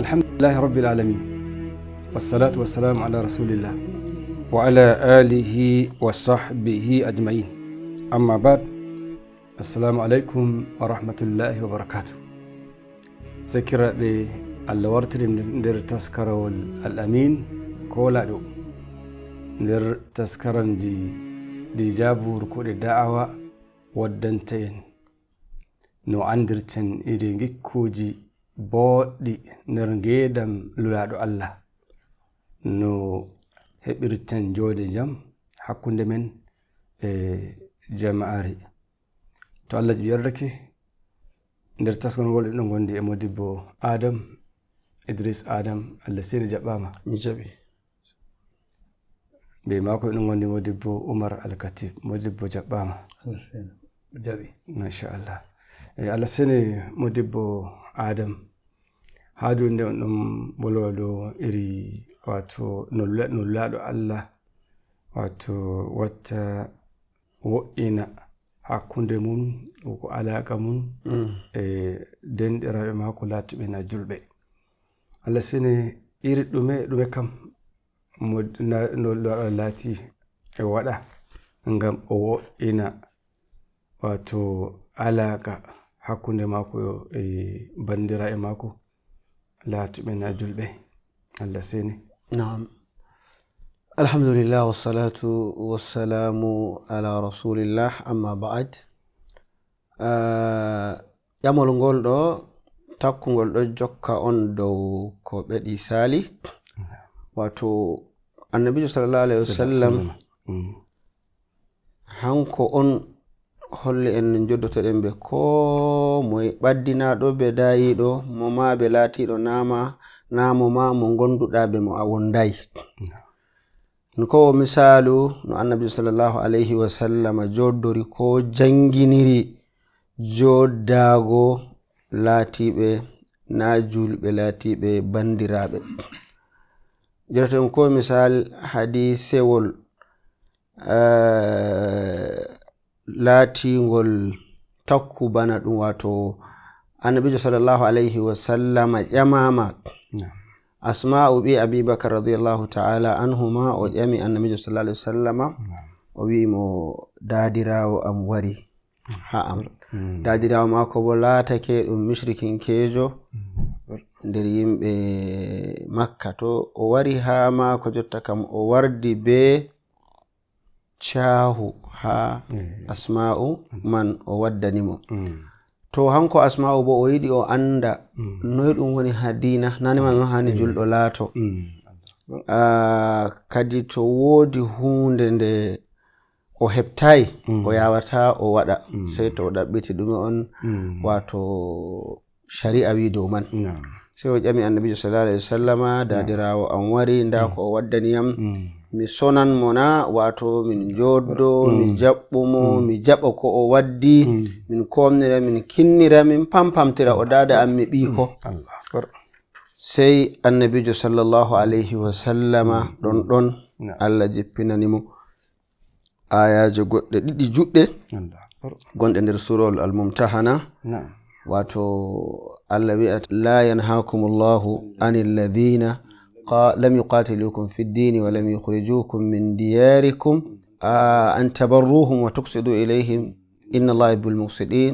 الحمد لله رب العالمين والصلاة والسلام على رسول الله وعلى آله وصحبه أجمعين أما بعد السلام عليكم ورحمة الله وبركاته الله ورتر در تذكر الأمين كولا دو در تذكر جي دي جابو ركود الدعوة ودنتين نو عندرتن إرينجي كوجي booɗɗi nder ngeedam luraaɗo allah no heɓirten jooɗe jam hakkunde men e jama'aari to allah ji ɓiyardake nder taskongol ɗiɗo gondi e modi bo adam idris adam allah seeni jaɓɓaama mi jaɓi ɓe maako ɓeɗo gondi modi bo oumar alkatib modi bo jaɓɓaama jaɓi machallah eyi allah e seeni modi bo adam haadu nde ɗum ɓolowa dow iri wato nollaɗo allah wato watta wo'ina hakkunde mum ko alaka mum mm. e denɗiraɓe maako lattuɓe na julɓe allah sene iri ɗume ɗume kam nolloɗo laati e waɗa ngam o wo'ina wato alaka hakkunde maako e bandiraɓe maako لا تؤمن أجل به ألا سيني نعم الحمد لله والصلاة والسلام على رسول الله أما بعد آه، يا مولونغول دو تاكونغول دو جوكا اون دو كوبيدي سالي واتو النبي صلى الله عليه وسلم هانكو اون holli en joddotoɗen ɓe ko moye ɓaddinaɗo ɓe dayiɗo moma ɓe laatiɗo nama namo ma mo gonduɗa ɓe mo a wondayi en ko o misalu no annabi salllahu alayhi wasallam joddori ko janginiri joddago laatiɓe na julɓe laatiɓe bandiraɓe jototen ko misal hadisewol uh, eh, latingol takku bana ɗum wato annabijo salllahu alayhi wasallama ƴamama asma'u ɓi abibakar radiallahu taala anhuma o ƴami annabijo sal lah alih wa sallama o wimo dadirawo am wari hmm. ha am hmm. dadirawo mako bo latake ɗum mushrikin kejo hmm. nder yimɓe makka to o wari ha mako jotta kam o wardi be cahu haa mm. asma'u mm. man o waddani mo mm. to hanko asma'u bo o yiɗi o annda noyi ɗum woni haa diina nanema noon haani julɗo laato kadi to woodi huunde nde o heɓtayi o yawata o waɗa sey to o ɗaɓɓiti ɗume on wato shari'a wi dow man sey o ƴami annabijo sallallah alahi wa sallama daadirawo an wari nda ko o waddaniyam mi sonan mo na wato min joddo mi mm. jaɓɓumo mm. mi jaɓa ko o waddi mm. min komnira min kinnira min pampamtira o dada am mi ɓiiko sey annabijo sallllahu alayhi wasallama ɗon ɗon allah jippinanimo ayaji goɗɗe ɗiɗi juɗɗe gonɗe nder surol almumtahana wato allah wi'at la yanhakum llahu an illadina لم يقاتلوكم في الدين ولم يخرجوكم من دياركم أن تبروهم وتقصدوا إليهم إن الله يحب المقصدين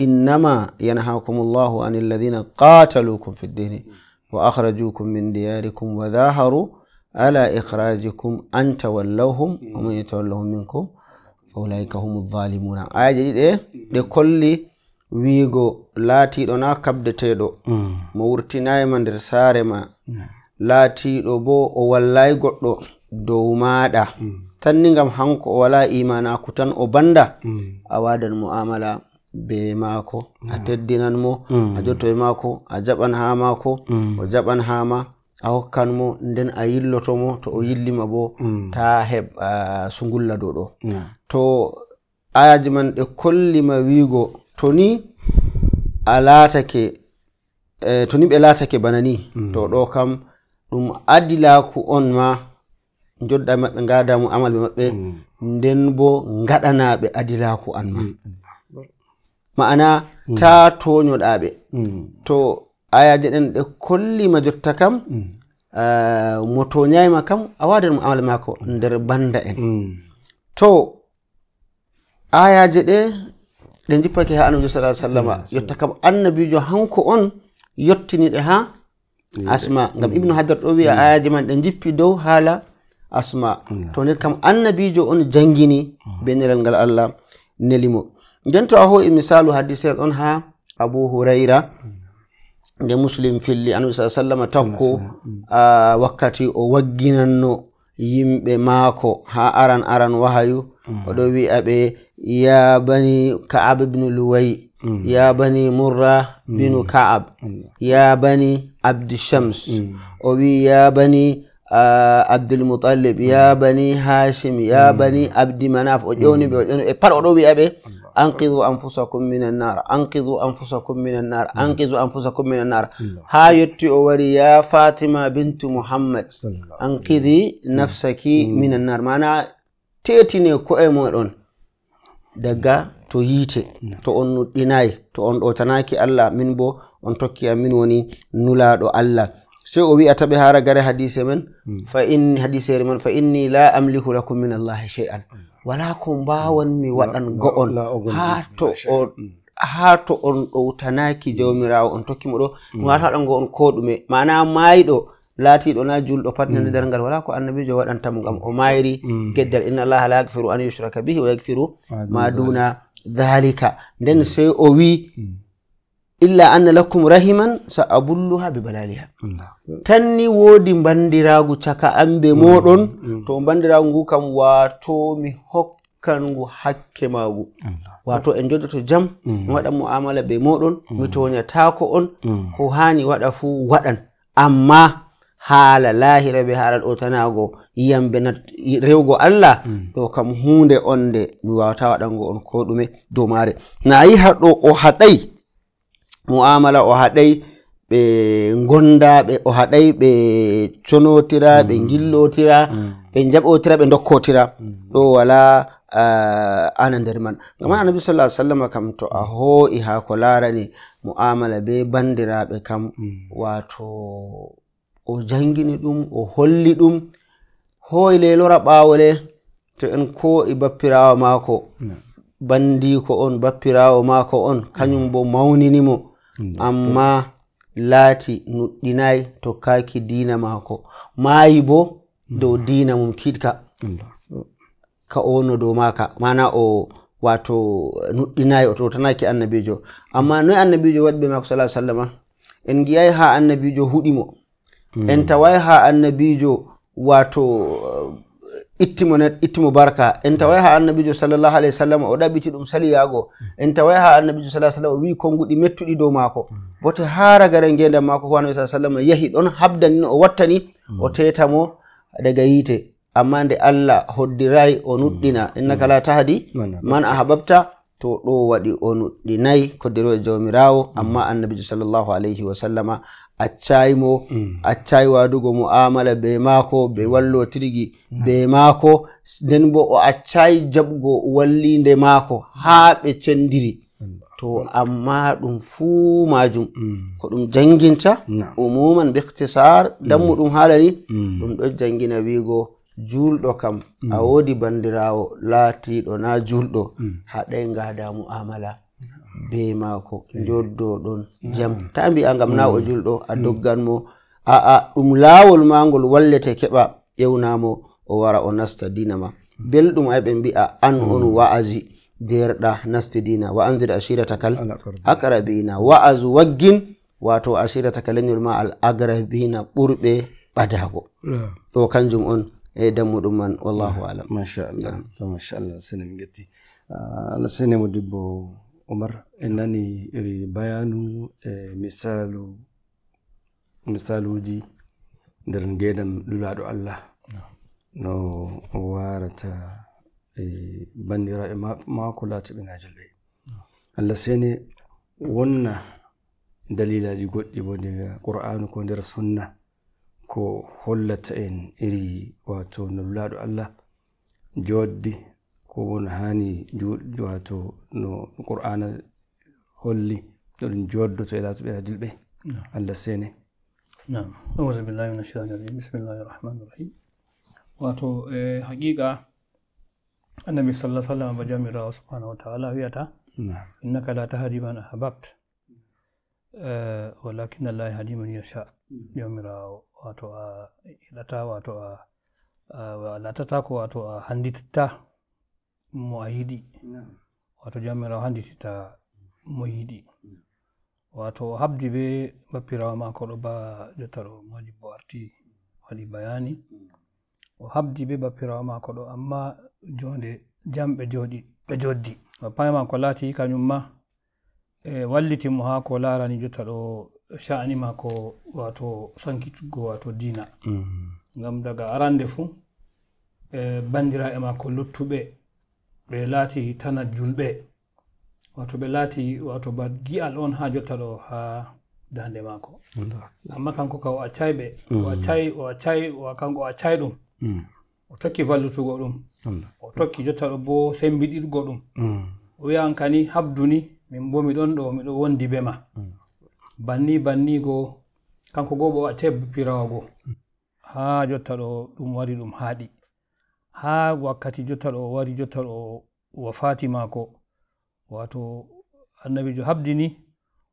إنما ينهاكم الله عن الذين قاتلوكم في الدين وأخرجوكم من دياركم وظاهروا على إخراجكم أن تولوهم ومن يتولهم منكم فأولئك هم الظالمون آية جديدة لكل ويغو لاتي دونا كبدتي دو مورتي نايما درسارما laatiɗo bo o wallay goɗɗo dow maɗa hmm. tanni gam hanko o wala imanaku tan o banda hmm. a wadan mu'amala be maako a hmm. teddinan mo a jotto e maako a jaɓan ha maako o jaɓan ha ma a hokkan mo nden a yillotomo to o yillima bo ta heɓ sugulla dow ɗo to ayaji man ɗe kollima wiigo to ni a laatake e, to ni ɓe laatake bana ni to ɗo kam mm. ɗum adilaku on ma joɗɗa maɓɓe gadamu amal ɓe maɓɓe mm. nden bo gaɗanaɓe adilaku an ma mm. ma'ana mm. ta toñoɗaɓe to ayaje ɗen ɗe kollima jotta kam mo toñayima kam a wada ɗum amal mako nder banda en to ayaje ɗe ɗe jippake ha annabijo sa sallama yotta kam annabijo hanko on yottiniɗe ha asma ngam mm. ibnu hadar ɗo wiya mm. ayaji man ɗe jippi dow haala asma mm. to nden kam annabijo on jangini be nelal ngal allah nelimo nden to a hoyi misalu hadisel on ha abu hurayra nde muslim filli annabi sa sallama takko wakkati o wagginanno yimɓe maako ha aran aran wahayu oɗo wi'a ɓe ya bani kaab ibnu luway ya bani murra binu kaab ya bani abdishams o wi ya bani uh, abdulmutalib ya bani hashim ya bani abdimanaf o ƴewni ɓe o ƴewni ɓe pat oɗo wiya ɓe anqidu anfusakum minan nar anqidu anfusakum minan nar anqidu anfusakum minan nar ha yetti o wari ya fatima bintu muhammad anqidi nafsaki minan nar mana tetine ko'e moɗon daga to yiite to on to on ɗotanaki allah min bo on tokki amin woni nulaɗo allah sey o wi'ata ɓe hara gare hadise men hmm. fa inni hadisere man fa inni la amliku lakum min allahi chey an hmm. wala ko mbawanmi waɗan go'on ha to o hmm. ha to on ɗowtanaki jawmirawo on tokki mo ɗo wataɗango on ko ɗume mana mayiɗo laatiɗo na julɗo pat nande dar ngal wala ko annabijo waɗantamo gam o mayri geddal inna allaha la yagfiru an yushraka bihi wa yagfiru ma duna dalika nden sey o wi illa anna lakum rahiman sa abulluha be balaliha tan ni woodi bandiragu caka ambe moɗon mm, mm. to bandiragu ngu kam wato mi hokkan ngu hakke magu wato en jodoto jam mi mm. waɗa muamala be moɗon mi toñatako on ko hani waɗa fu waɗan amma haala lahira be haalal otanago yiyambe rewgo allah ɗo kam hunde on nde mi wawata waɗango on ko ɗume dow maare nayi haɗo o haɗay mu'amala o haɗay ɓe gondaɓe o haɗay ɓe conotira ɓe mm. gillotira mm. ɓe jaɓotira ɓe dokkotira mm. ɗo wala ana nder man gama annabi sallah ah sallama kam to a ho'i ha ko larani mu'amala be bandiraɓe kam wato o jangini ɗum o holli ɗum hoyi lelora ɓawole to en ko e bappirawo mako bandiko on bappirawo mako on kañum bo mawninimo mm. amma laati nuɗɗinayi tokkaki diina maako maayi bo dow mm. diina mum kiɗka ka ono dow maaka mana o wato nuɗɗinayi o totanaki annabijo amma noyi annabijo waɗi ɓe maako sa sallama en giyayi ha annabijo huuɗimo mm. en tawayi ha annabijo wato uh, ittimo ne ittimo barka en tawa ha annabijo sallllahu alahi wa sallam o ɗaɓiti ɗum saliyago mm. en tawa ha annabijo sa sallam o wi konguɗi mettuɗi dow maako mm. bote haragare ngendan maako ko anabi sa sallam yahi ɗon habdani o wattani o mm. tetamo daga yiite amma nde allah hoddiray o nuɗɗina innakala tahadi man a haɓabta to ɗo waɗi o nuɗɗinayi koddiro e jawmirawo amma annabijo sallllahu alayhi wa sallama accayi mo mm. accayi wadugo mo amala be maako be wallotirgi be maako nden bo o accayi jaɓgo wallinde maako haa ɓe cendiri to amma ɗum fuu majum mm. ko ɗum janginta umuman bictisar mm. dammu ɗum haalani ɗum ɗo jangina wiigo julɗo kam a woodi bandirawo laatiɗo na julɗo haɗay ngada mu amala be maako mm. joddo ɗon mm. jam ta mbi'a ngam na mm. o julɗo a dogganmo aa ɗum laawol ma ngol wallete keɓa ƴewnamo o wara o nasta dina ma belɗum ay ɓe mbi'a an on wa'asi derɗa nasti dina wa andir asiratakal agrabina wa'asu waggin wato asiratakal leñol ma al agrabina ɓurɓe ɓadago ɗo kanjum on e dammuɗum man wallahu alam machallah to machallah sinemi getti alah ah, sinemo dibbo عمر bayanu بيان e, misalu misaluji nder ngedam lulaɗo allah no warata e, bandiraɓe maako laatiɓe najulɓe allah seni wonna dalilaji goɗɗi bo daga qur'anu ko nder sunna ko hollata en iri wato no lulaɗo allah joddi كون هاني جو جواتو نو القران هولي دور جود تو الى تبير هجل به نعم على السنه نعم اعوذ بالله من الشيطان الرجيم بسم الله الرحمن الرحيم واتو إيه حقيقه النبي صلى الله عليه وسلم بجامع الله سبحانه وتعالى ويتا نعم انك لا تهدي من احببت ولكن الله يهدي من يشاء يوم را واتو الى تا واتو ولا تتاكو واتو هندي muahidi no. wato jamirowo handi tita mo mm. yiɗi mm. wato habdi be bappirawo mako ɗo ba jottaro mojibbo arti waɗi bayani o mm. habdi be bappirawo mako ɗo amma jonde jam ɓe joɗi ɓe joddi bappaye mako laati kañum ma e wallitimo ha ko larani jotta ɗo sha'ani mako wato sankituggo wato dina ngam daga arande fuu e bandira e mako luttuɓe ɓe laati tana julɓe wato ɓe laati wato ba gi'al on ha jotta ɗo ha dande maako amma kanko ka o accayi ɓe o accayi mm. o accayi kanko o accayi ɗum mm. o tokki vallutugo ɗum o tokki jotta ɗo bo sembiɗirgo ɗum mm. o wiya an kani habduni min bo miɗon ɗo miɗo wondi be ma banni bannigo kanko goo ɓo accayi pirawa goo ha jotta ɗo ɗum wari ɗum haaɗi ha wakkati jottal o wari jottal o wafati maako wato annabijo habdini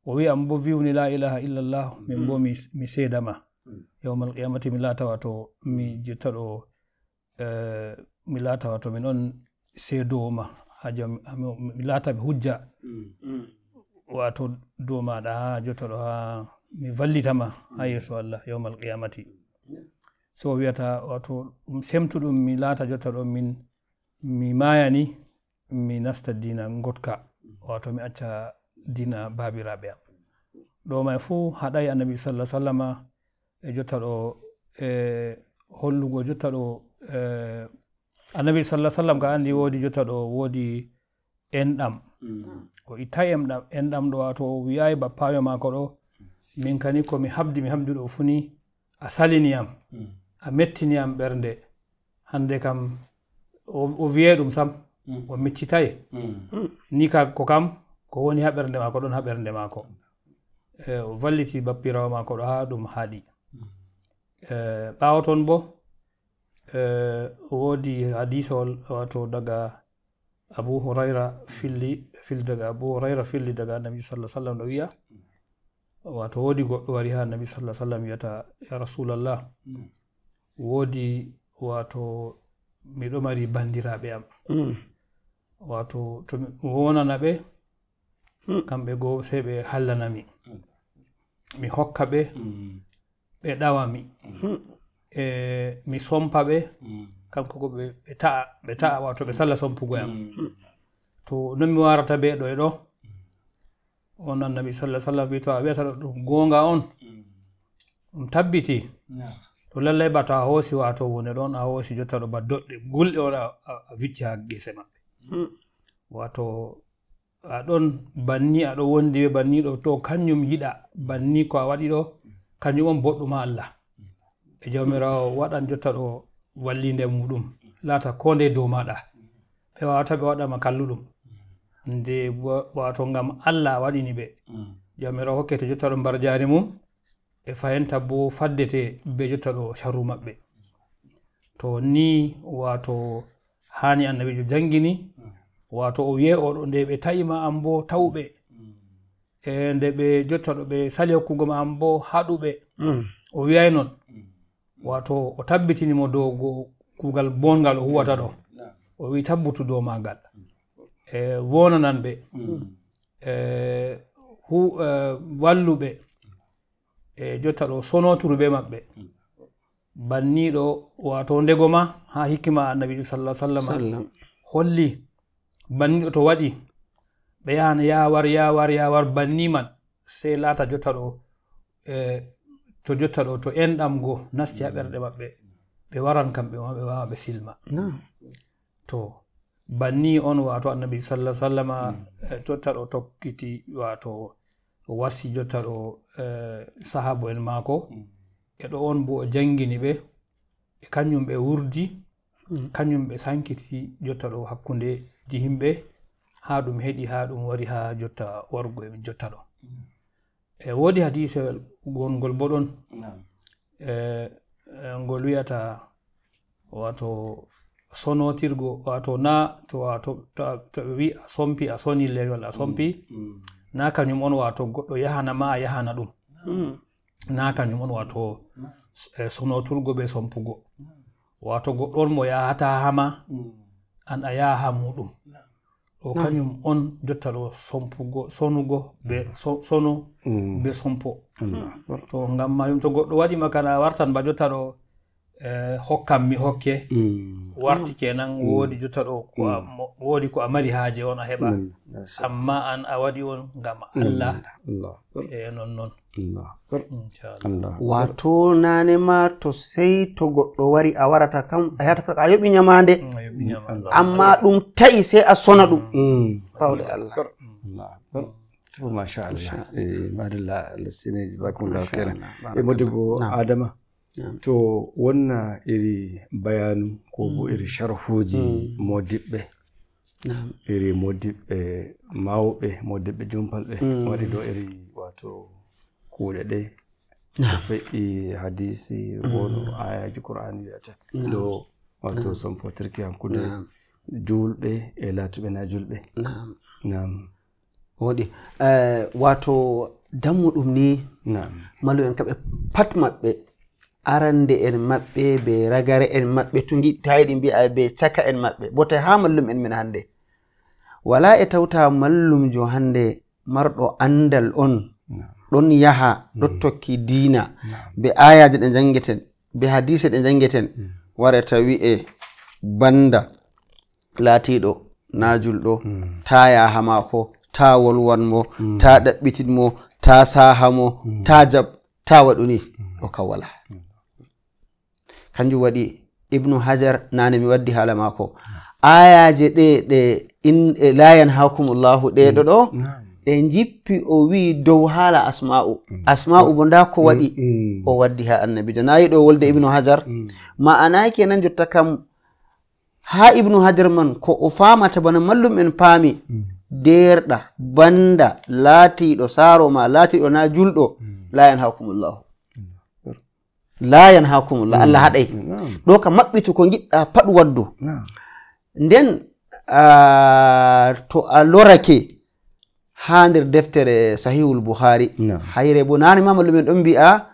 o wi an bo viwni la ilaha illallah min bo mm. mi seedama mm. yawmal qiyamati mi laata wato mi jotta ɗo eh, mi laata wato min on seedowo ma haja mi laata mi hujja mm. wato dow maɗa ha jottal o ha mi vallitama ha yeeso allah yawmal qiyamati so wiyata wato ɗum semtuɗum mi laata jotta ɗo min mi maayani mi nasta dina gotka wato mi acca dina baabiraɓe am ɗo may fuu haɗayi annabi sallah sallama e jotta ɗo e hollugo jotta ɗo e annabi sallah sallam ka anndi woodi jotta ɗo woodi enɗam mm. o ittayi enɗam ɗo to wiyayi bappaawe maako ɗo min kani komi habdi mi habdi ɗo funi a salini yam mm. a mettiniyam ɓernde hande kam o wiye ɗum sam mm. o miccitaye mm. ni ka ko kam ko woni ha ɓernde maako ɗon ha ɓernde maako e, o valliti bappirawo maako ɗo ha ɗum haaɗi mm. e, ɓawo toon bo e, woodi hadisol wato daga abu hurayra filli fil daga abu hurayra filli daga annabi salah sallam ɗo wiya wato woodi goɗɗo wari ha annabi salah sallam wiyata ya rasulallah woodi wato miɗo mari bandiraɓe am hmm. wato to mi wonana ɓe hmm. kamɓe goo sey ɓe hallanami hmm. mi hokka ɓe ɓe ɗawami e mi sompa ɓe kanko ko ɓe ta'a ɓe ta'a wato ɓe salla sompugo yam to non mi warata ɓe ɗo e ɗo on annabi sallah sallam wi to a wiyata ɗum goonga on ɗum tabbiti to lallay bato a hoosi wato wone ɗon a hoosi jotta ɗo ba doɗɗe gulɗe on a wicci ha gese maɓɓe hmm. wato aɗon banni aɗo wondi ɓe banni ɗo to kanjum yiɗa banni ko a waɗi ɗo kanjum on boɗɗum ha allah e jawmirawo waɗan jotta ɗo wallinde muɗum laata ko nde dow maɗa ɓe wawata ɓe waɗama kalluɗum nde wato gam allah waɗini ɓe hmm. jawmirawo hokkete jotta ɗo mbar jaari mum e fayenta bo faddete be jotta ɗo sharru maɓɓe to ni wato hani annabijo jangini wato o wiye oɗo nde ɓe tayima am bo tawɓe e nde ɓe jotta ɗo ɓe sali hokkugo ma am bo haɗuɓe mm. o wiyay noon wato o tabbitinimo dow go kugal bongal o huwata ɗo o wi tabbutu dow magal e wonananɓe mm. e hu e walluɓe e jotta ɗo sonoturu ɓe maɓɓe banniɗo wato ndego ma ha hikkima annabijo sallah sallam holli banniɗo to waɗi ɓe yahan yawar yawar yawar banni man sey laata jotta ɗo e, to jotta ɗo to enɗamgo nasti ha ɓerɗe maɓɓe ɓe waran kamɓe ma ɓe wawa ɓe silma to banni on wato annabi sallah sallama hmm. e, jotta ɗo tokkiti wato wasi jotta ɗo eh, sahabo en maako e ɗo on bo o janngini ɓe e kañum ɓe wurdi hmm. kañum ɓe sankiti jotta ɗo hakkunde jihimɓe haa ɗum heɗi haa ɗum wari haa jotta wargo e jotta ɗo e woodi hadisewel gongol bo ɗon e, e, ngol wiyata wato sonotirgo wato na to wato to ɓe wi a sompi a soni lewol a sompi hmm. Hmm. na kañum on wato goɗɗo yahana ma a yahana ɗum hmm. na kañum on wato eh, sonotulgo ɓe sompugo wato goɗɗo on mo yahata hama hmm. an a yaha ha muɗum ɗo kañum on jotta ɗo sompugo sonugo be sono hmm. be sompo to ngam majum to goɗɗo waɗima kana wartan ba jotta ɗo Eh, hokkam mi hokke mm. warti kenan mm. woodi jotta ɗo mm. woodi ko a mari haaje on a heɓa amma an a waɗi on ngam allah e non noon wato nane ma to sey to goɗɗo wari a warata kam a yataa a yoɓi ñamande amma ɗum tai sey a sona ɗum bawɗe allah machallah madilla eh, lestine jasakumllahu kera e modibo adama to wonna iri bayanu ko bo mm. iri sharhuji mm. modiɓɓe iri modiɓɓe mawɓe modiɓɓe jumpalɓe mm. waɗi ɗo iri wato kuuɗe ɗe fe'i hadisi wono ayaji qur'an wiyata ɗo wato sompotirki hankude julɓe e latuɓe na julɓe nam woɗi eh, wato dammuɗum ni malu en kamɓe pat maɓɓe arande en maɓɓe be ragare en maɓɓe tugi tawiɗi e mbiya be caka en maɓɓe bo tawi ha mallum en min hande wala e tawta mallumjo hande marɗo andal on ɗon yaha ɗo hmm. tokki diina be ayaji ɗe jangeten be hadise ɗe jangeten hmm. wara tawi e banda laatiɗo najulɗo hmm. ta yaha mako ta wolwanmo ta ɗaɓɓitinmo ta sahamo ta jab ta waɗuni ɗo kam wala kanjum waɗi ibnu hajar nane mi waddi haala maako ah. ayaje ɗe ɗe e layan hakumullahu ɗeɗo ɗo mm. ɗe jippi o wii dow haala asma'u mm. asma'u bo nda ko waɗi mm, o waddi ha annabijo nayi ɗo wolde ibnu hajar ma anayi kenan jotta kam ha ibnu hajar man ko o famata bana mallum en paami derɗa banda laatiɗo saaro ma laatiɗo na julɗo layan hakumullahu laayan hakum mm. allah haɗay ɗo mm. ka maɓɓito ko giɗɗa paɗ waddu nden to a lorake ha nder deftere sahihul bouhari hayre bo nane mamallu men ɗon mbi'a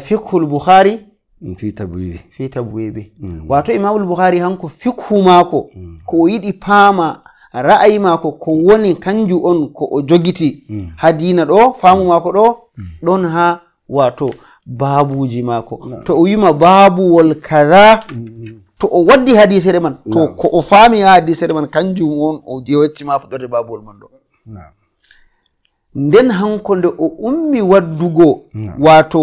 fikhul bouhari mm, fi tabwibi fi tabwibi mm. wato imamul bouhari hanko fikhu maako mm. ko o yiɗi paama ra'ayi maako ko woni kanju on ko o jogiti ha diina ɗo faamu maako ɗo ɗon ha wato mm. baabuji maako to o wima baabuwol kaza to o waddi hadisere man to ko o faami ha hadisere man kanjum on o jewaccima fuɗorde baabuwol man ɗo nden hanko nde o ummi waddugo wato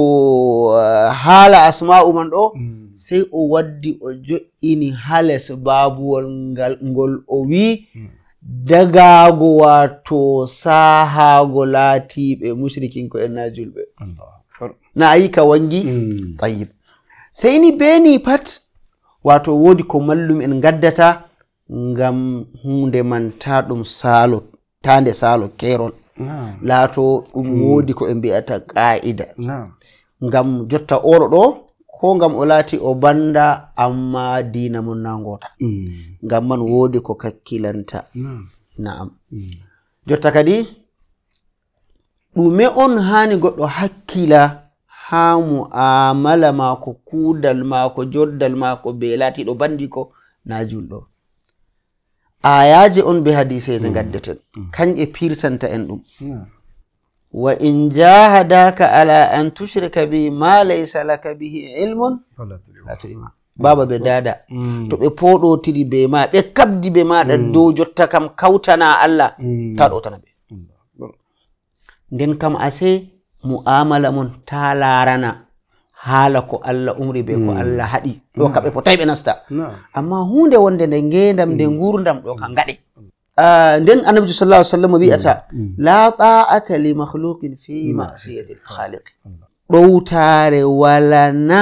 eh, haala asma'u man ɗo mm. sey o waddi o jo'ini ha les baabuwol ngal ngol o wi mm. dagaago wato sahaago laatiɓe musrikin ko en najulɓe na a yi ka wangi mm. tayib sai ni be ni pat wato wodi ko mallum en gaddata ngam hunde man ta ɗum salo ta nde salo kerol laato ɗum mm. wodi ko ɓe mbiyata qa'ida ngam jotta oro ɗo ko ngam o laati o banda amma dina mon na ngota mm. ngam man wodi ko kakkilanta naam jotta kadi ɗume on hani goɗɗo hakkila mm. haa mu'amala maako kuudal maako joddal maako be laatiɗo banndiko naa julɗo ayaji on be hadiseje mm. ngaddeten kanƴe pirtanta en ɗum wa in jahadaka ala an tushrika bi ma laysa laka bihi ilmun latuima baba be mm. dada mm. to ɓe poɗotiri be ma ɓe kabdi be maɗa dow jotta kam kawtana allah ta ɗotana ɓe nden kam ase mu'amala mon ta larana haala ko allah umri be ko mm. allah haɗi ɗo mm. kamɓe potayi ɓe nasta amma hunde wonde nde ngendam nde mm. gurdam ɗo ka gaɗe ah, nden annabijo salah ah sallam wi'ata la ta'ata li mahlukin fi masiyati lhaliqi ɗowtare walana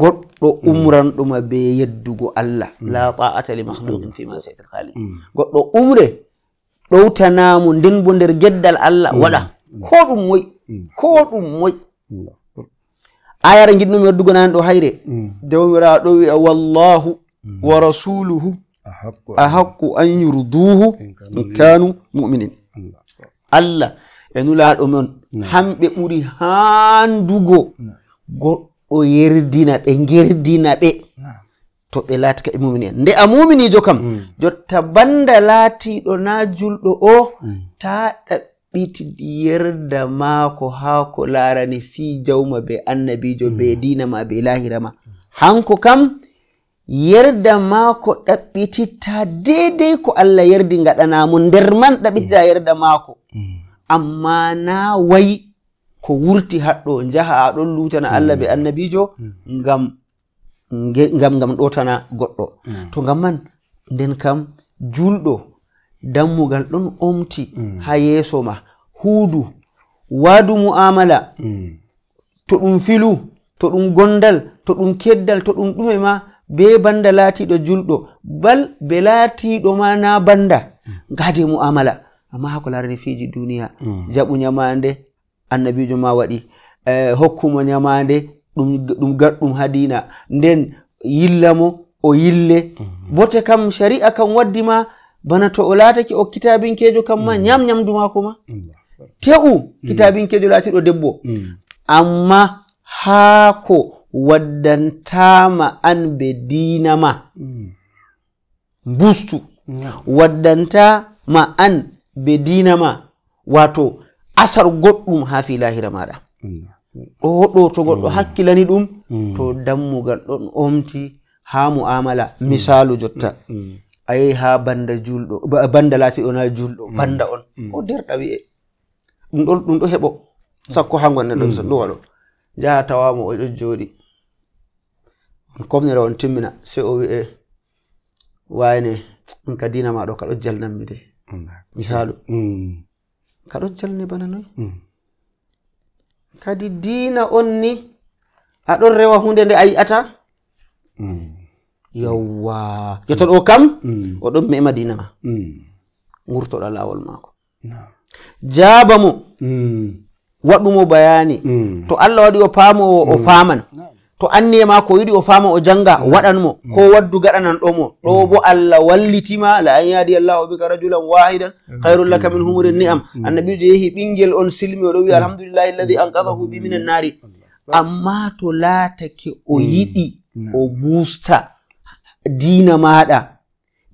goɗɗo umranɗuma be yeddugo allah la ta'ata li mahlukin fi masiyati lhaliqi goɗɗo umre ɗowtanamo nden bo nder geddal allah mm. waɗa mm. ko ɗum moƴ mm. ko ɗum moƴ ayara jiɗɗumi waddugo nan ɗo hayre jawmiraɗo wiya wallahu wa rasuluhu ahaqqu an yurduhu kanu muminin allah e nulaɗo mon hamɓe ɓuri handugo goɗɗo yerdina ɓe gerdina ɓe to ɓe laatika e mumini en nde a muminijo kam mm. jotta banda laatiɗo na julɗo o mm. ta ɗaɓɓiti yerda maako haa ko laarani fii jawma be annabijo be mm. diina ma be lahira ma hanko kam yerda maako ɗaɓɓititta deidei ko allah yerdi gaɗanamo nder man ɗaɓɓitita yerda maako amma na wayi ko wurti haɗɗo jaha aɗon lutana allah be annabijo ngam ngam ngam ɗotana goɗɗo mm. to ngam man nden kam julɗo dammugal ɗon omti mm. ha yeeso ma huudu waadu mu'amala mm. to ɗum filu to ɗum gondal to ɗum keddal to ɗum ɗume ma be banda laatiɗo julɗo bal be laatiɗo ma na banda gaade mu'amala amma hako larani fiji duniya jaɓu ñamande annabijo ma waɗi eh, hokkumo ñamande ɗum gaɗɗum ha dina nden yilla mo o yille mhm. bote kam sharia kam waddima bana to o laatake okkitabinkejo kam ma mhm. ñam ñamdu mako ma te'u mhm. kitabinkejo laatiɗo debbo amma haako waddantama an be dina ma bustu waddanta ma an be dina ma wato asar goɗɗum ha fi lahira maɗa ɗo ɗo to goɗɗo mm. hakkilani ɗum mm. to dammugal ɗon omti ha mu'amala misalu mm. jotta a yehi ha banda julɗo banda latiɗo na julɗo banda on o derɗa wi'e ɗum ɗo heɓo sakko ha gonneɗo so ɗum waɗo jaha tawamo o ɗo jooɗi on komnira on timmina sei o wi'e wayne ɗum ka dina maɗo ka ɗo jalnanmi de misalu ka ɗo jalni bana noy kadi diina on ni aɗon rewa hunde nde a yi'ata mm. yawwa jotoɗo kam mm. oɗon mema diina ma mm. gurtoɗa lawol maako jaaba mo waɗumo bayani to allah waɗi o paamowo o faaman to an nema ko yiɗi o fama o janga mo. Mm. ko mm. waddu gaɗanan ɗomo mm. ɗo bo allah ma la an yahdi allahu bika rajulan wahidan Khairul laka min humuri ni'am annabijo yehi ɓingel on silmi oɗo wi alhamdulillahi alladhi anqadhahu bi minan nari amma to laatake o yiɗi o busta dina maɗa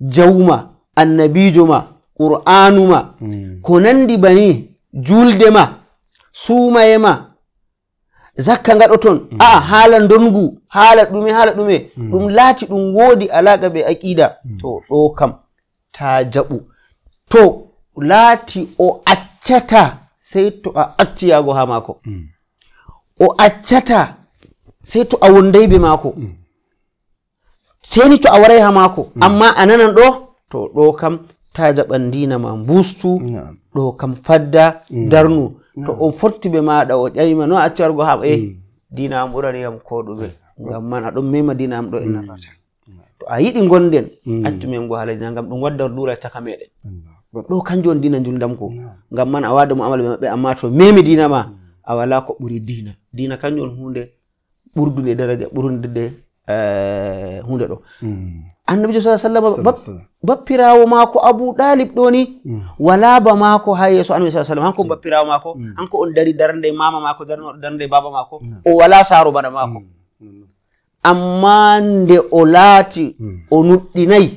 jawma annabijo ma qur'anu ma ko nandi bani julde ma sumaye ma zakka ngaɗo ton. Mm. aa haala ndongu haala ɗume haala ɗume mm. ɗum laati ɗum woodi alaka ɓe aqida mm. to ɗo kam ta jaɓu to laati o accata sey to a yago ha maako o accata sey to a wonday be maako seni to a waray ha maako amma a nanan ɗo to ɗo kam ta jaɓan dina ma bustu ɗo kam fadda mm. darnu to o fotti ɓe maɗa o ƴawima no acci wargo ha e eh, mm. dina am ɓuraniyam ko ɗuɓe ngam man aɗon mema dina am ɗo e mm. nanata to a yiɗi gonɗen accumen go haalaa ngam ɗum wadda duura caka meɗen ɗo kanjum on dina jundam ko ngam man a wada mo amala ɓe maɓɓe amma to memi dina ma a wala ko ɓuri dina dina kanjum on hunde ɓurdude daraja ɓurdude hunde eh, ɗo annabijo sa sallam bappirawo maako abou ɗalib ɗo ni mm. walaba maako ha yeeso annabi sa sallam hanko mm. bappirawo maako mm. hanko on dari darde mama maako darnoɗo darde baba maako o wala saaro bana maako amma nde o laati o nuɗɗinayi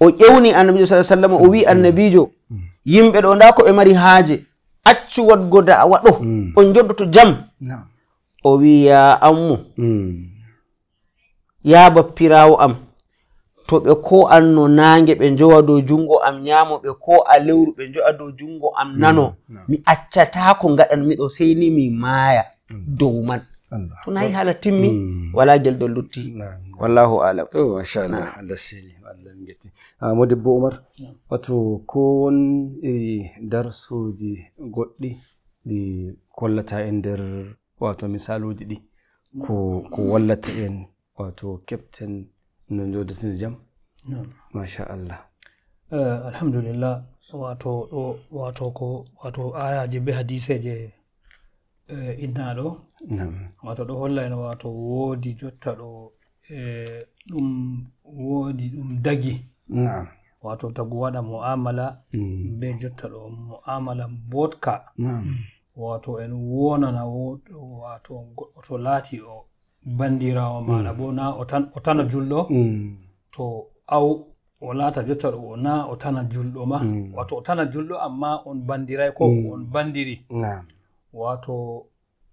o ƴewni annabijo sa sallam o wi annabijo yimɓe ɗo nda ko ɓe mari haaje accu waɗgo da'wa ɗo on joɗɗoto jam o wi ya ammu yaaba pirawo am to ɓe ko an no nange ɓe jowa dow jungo am nyamo ɓe ko a lewru ɓe jowa dow jungo am mm, nano mm. mi accatako ngaɗan miɗo sey ni mi maaya mm. dow man to nayi haala timmi wala gel ɗo lutti wallahu alam to machallah allah seeli allah mi getti ah, modebbo oumar wato ko won i darsuji goɗɗi ɗi kollata e nder wato misaluji ɗi ko ko wallata en wato captain no jodatino jam masha allah eh, alhamdulillah wato ɗo wato ko wato ayaji be hadiseje eh, innaɗo wato ɗo hollaino wato woodi jotta ɗo e ɗum woodi ɗum dagi naam wato tagu waɗa mu'amala mm. be jotta ɗo mu'amala botka wato en wonana wato goɗɗo to laati o bandirawo mm. maɗa bo na o tana julɗo mm. to aw o laata jotta ɗo o na o tana julɗo ma mm. wato o tana julɗo amma on bandiray ko on bandiri wato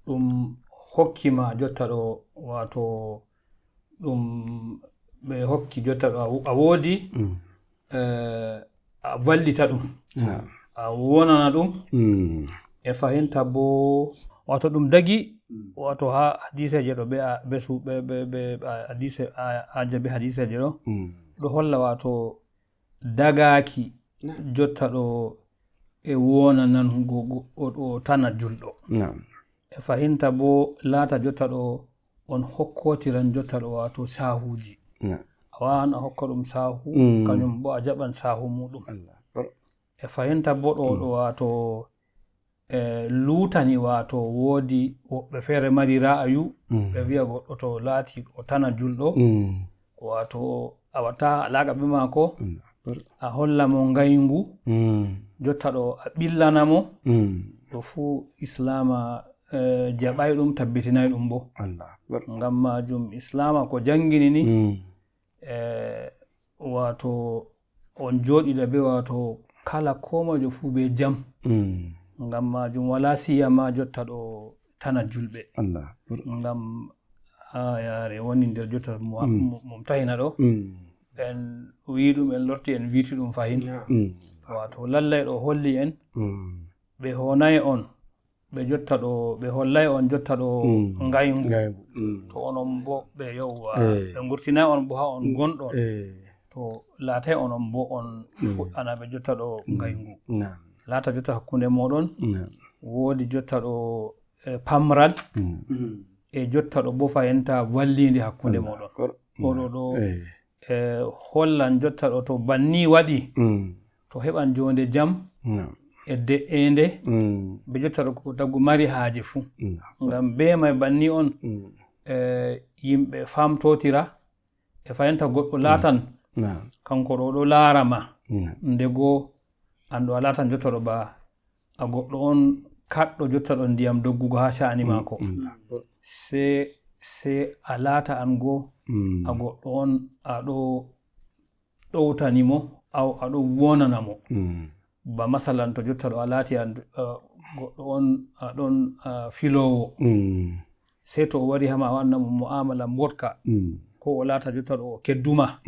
ɗum hokkima jotta ɗo wato ɗum ɓe hokki jotta ɗo a woodi eh, a vallita ɗum a wonana ɗum e fahinta bo wato ɗum dagi Mm. wato ha hadiseje ɗo ɓe suɓeaje be hadiseje ɗo mm. ɗo holla wato dagaki jotta ɗo e wona nango o tana julɗo e fahinta bo laata jotta ɗo on hokkotiran jotta ɗo wato sahuji a wawan a hokka ɗum sahu mm. kañum bo a jaɓan sahu muɗum e fahinta bo ɗo ɗo wato E, luutani wato woodi woɓɓe feere mari ra'ayu mm. ɓe wiya goɗɗo to laati o tana julɗo mm. wato a watta alaaka ɓe maako mm. a holla mo ngayngu jotta ɗo a ɓillana mo ɗo fuu islama e, jaɓay ɗum tabbitinay ɗum bo ngam majum islama ko janngini ni e wato on jooɗiɗa be wato kala komojo fuu be jam ngam majum wala siyama jotta ɗo tana julɓe ngam yare woni nder jotta mm. mum tahina ɗo mm. en wi ɗum en lorti en witi ɗum fahin mm. wato lallay ɗo holli en ɓe honay on ɓe jotta ɗo ɓe hollay on jotta ɗo ngayngu to onon bo ɓe yewwa eh. ɓe gurtinay on bo ha on gonɗon eh. to laatay onon bo on fuɗɗana ɓe jotta ɗo ngayngu laata jotta hakkunde moɗon woodi jotta ɗo eh, pamral mm. e jotta ɗo bofa enta wallide hakkunde moɗon oɗo ɗo e hollan jotta ɗo to banni waɗi mm. to heɓan jonde jaam e de'ende mm. ɓe jotta ɗo ko taggu mari haaji fuu ngam bema banni on e yimɓe famtotira e fayenta goɗɗo laatan kanko ɗo ɗo laarama ndego anndu a latan jottoɗo ba a goɗɗo on kaɗɗo jottaɗo ndiyam doggugo haa caani mm, maako se mm. se a laata an goo mm. a goɗɗo on aɗo ɗowtani mo aw aɗo wonana mo ba masalan to jottaɗo a laati an goɗɗo on aɗon filowo se to o wari hama a wanna mo mu'amala wotka ko o laata jottaɗo o kedduma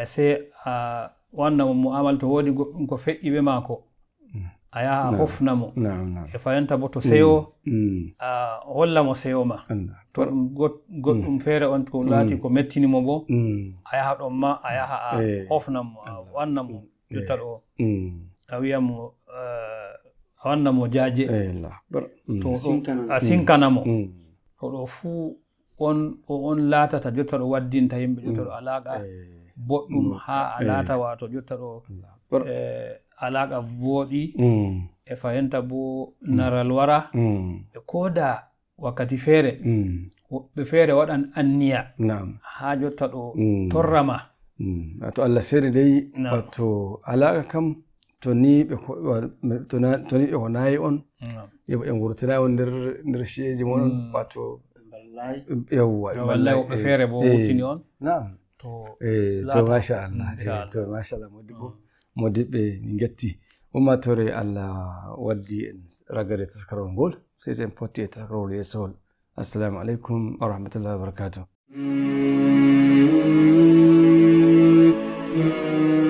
e se a uh, wanna mo mu'amal to woodi goɗɗum ko feƴƴi ɓe maako a yaha a hofna mo e fayanta bo to seyo mm, mm. a holla mo seyo ma to ɗum goɗɗum mm. feere on ko laati ko mettinimo bo a yaha ɗon ma a yaha a eh. hofna mo a wanna mo jotta ɗo eh. a wiya mo a wanna mo jaaje eh, to a sinkana mo to ɗo fuu on o on laatata jotta ɗo waddinta yimɓe jotta ɗo alaaqa boɗɗum mm. haa a eh. laata wato jotta ɗo eh, alaaqa vooɗi mm. e fahenta bo naral wara mm. e koda wakkati feere woɓɓe feere waɗan anniya haa jotta ɗo torrama wato allah seere dey wato alaaqa kam toni ɓe ko naayi on yo en wurtinayi on nder nder chieji moɗon wato yowwa wallay woɓɓe eh, feere bo wurtini on naam Eh, mm, eh, to masha allah to Allah modibbo modibɓe min getti ummatore allah waddi en ragare taskarol gol sey to en potti e taskarol yesowol assalamu aleykum wa rahmatullahi wa barakatuh mm, mm,